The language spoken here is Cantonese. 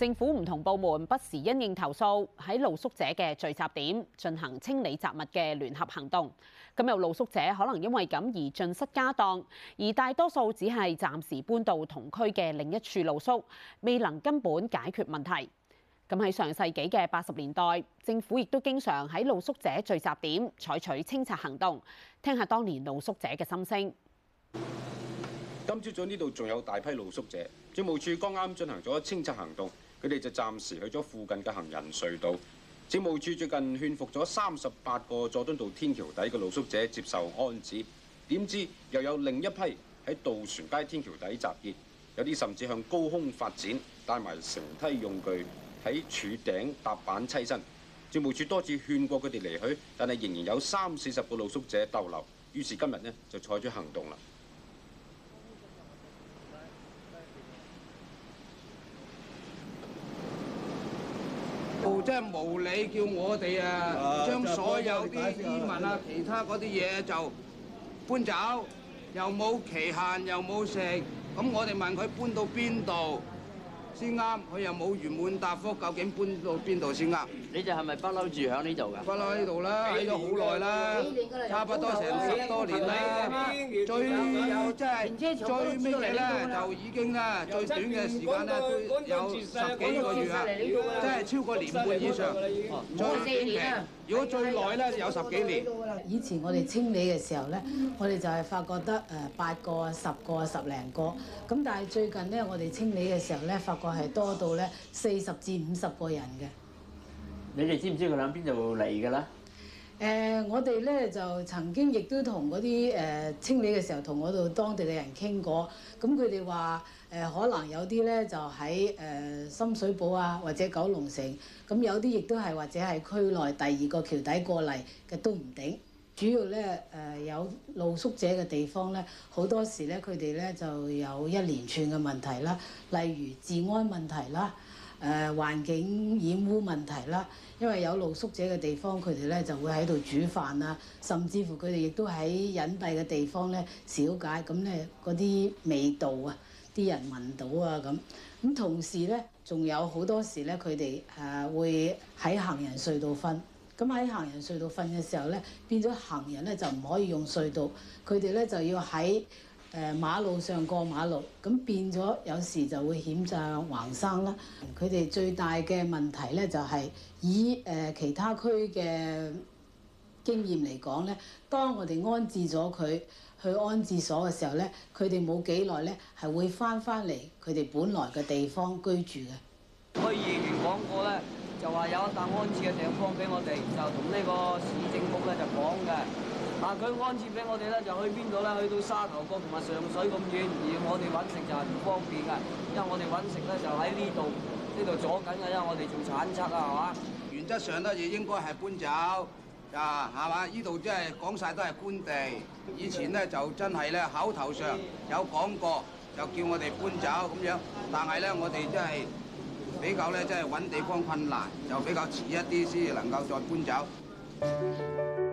政府唔同部門不時因應投訴，喺露宿者嘅聚集點進行清理雜物嘅聯合行動。咁有露宿者可能因為咁而盡失家當，而大多數只係暫時搬到同區嘅另一處露宿，未能根本解決問題。咁喺上世紀嘅八十年代，政府亦都經常喺露宿者聚集點採取清拆行動。聽下當年露宿者嘅心聲。今朝早呢度仲有大批露宿者，政務處剛啱進行咗清拆行動。佢哋就暫時去咗附近嘅行人隧道。政務處最近勸服咗三十八個佐敦道天橋底嘅露宿者接受安置，點知又有另一批喺渡船街天橋底集結，有啲甚至向高空發展，帶埋乘梯用具喺柱頂搭板棲身。政務處多次勸過佢哋離去，但係仍然有三四十個露宿者逗留，於是今日呢，就採取行動啦。即係無理叫我哋啊，將、啊、所有啲衣物啊，其他嗰啲嘢就搬走，又冇期限，又冇食，咁我哋問佢搬到邊度？先啱，佢又冇完滿答覆，究竟搬到邊度先啱？你哋係咪不嬲住響呢度㗎？不嬲喺度啦，喺咗好耐啦，差不多成十多年啦。最有即係最尾咧，就已經啦，最短嘅時間咧，都有十幾個月啦，即係超過年半以上。最長，如果最耐咧，有十幾年。以前我哋清理嘅時候咧，我哋就係發覺得誒八個啊、十個啊、十零個，咁但係最近咧，我哋清理嘅時候咧，發覺，係多到咧四十至五十個人嘅。你哋知唔知佢諗邊度嚟㗎啦？誒、呃，我哋咧就曾經亦都同嗰啲誒清理嘅時候，同嗰度當地嘅人傾過。咁佢哋話誒，可能有啲咧就喺誒、呃、深水埗啊，或者九龍城。咁有啲亦都係或者係區內第二個橋底過嚟嘅，都唔定。主要咧，誒有露宿者嘅地方咧，好多時咧佢哋咧就有一連串嘅問題啦，例如治安問題啦，誒、呃、環境染污問題啦，因為有露宿者嘅地方，佢哋咧就會喺度煮飯啊，甚至乎佢哋亦都喺隱蔽嘅地方咧小解，咁咧嗰啲味道啊，啲人聞到啊咁，咁同時咧仲有好多時咧佢哋誒會喺行人隧道瞓。咁喺行人隧道瞓嘅時候咧，變咗行人咧就唔可以用隧道，佢哋咧就要喺誒馬路上過馬路，咁變咗有時就會險象橫生啦。佢哋最大嘅問題咧就係以誒其他區嘅經驗嚟講咧，當我哋安置咗佢去安置所嘅時候咧，佢哋冇幾耐咧係會翻翻嚟佢哋本來嘅地方居住嘅。話有一笪安置嘅地方俾我哋，就同呢個市政局咧就講嘅。但、啊、佢安置俾我哋咧，就去邊度咧？去到沙頭角同埋上水咁遠，而我哋揾食就係唔方便嘅，因為我哋揾食咧就喺呢度呢度阻緊嘅，因為我哋做產測啊，係嘛？原則上咧，亦應該係搬走啊，係嘛？呢度真係講晒都係官地，以前咧就真係咧口頭上有講過，就叫我哋搬走咁樣。但係咧，我哋真係。比較呢，即係揾地方困難，就比較遲一啲先至能夠再搬走。